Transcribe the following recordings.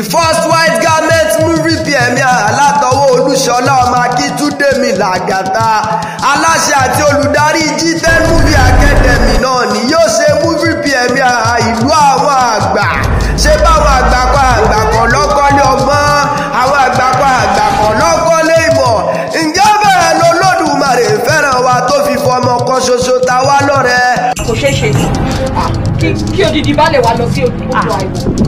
the first white garment movie pmi alátọwọ́ olúṣọlá ọmọ akíntúndé mi làgàtà aláṣẹ àti olùdarí gtn movie academy náà ni yóò ṣe movie pmi ìlú àwọn àgbà ṣé báwọn àgbà kan àgbà kan lọ́kọ́lé ọgbọ́n àwọn àgbà kan àgbà kan lọ́kọ́lé ìmọ̀ ǹjẹ́ bẹ́ẹ̀ lolódùmarè fẹ́ràn wa tó fi fọmọ kan ṣoṣo ta wá lọ́rẹ̀ẹ́. kò ṣeé ṣe ah, kí odidi bá lè wá lọ sí odò àìwò.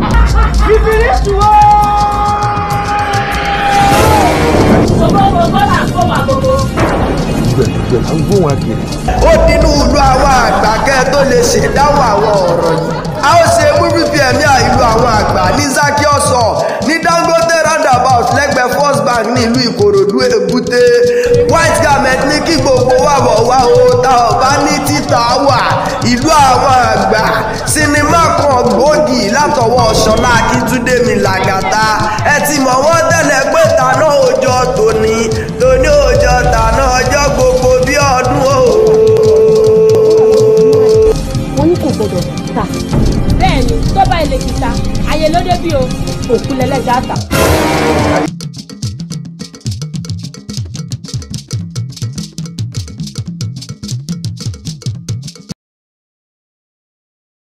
àgbẹ̀ là ń gbóhùn àgèrè. ó dínú ìlú àwọn àgbà kẹ́ tó lè ṣèdáhùn àwọn ọ̀rọ̀ yìí a ó ṣe múfì fi ẹ̀mí ìlú àwọn àgbà ní Zakiosọ ní Dangote roundabout lẹ́gbẹ̀ẹ́ First Bank ní ìlú Ìkòròdú Èbúté white garment ní kí gbogbo wà wọ̀ wá o ta ọ̀bá ní títà wà ìlú àwọn àgbà sinimá kan gbòógì látọwọ́ Ṣọlá Akíntúndé mi làgàtà. kìtà. bẹ́ẹ̀ni tó bá ilé kìtà ayé ló bí o òkú lẹlẹjà àtà.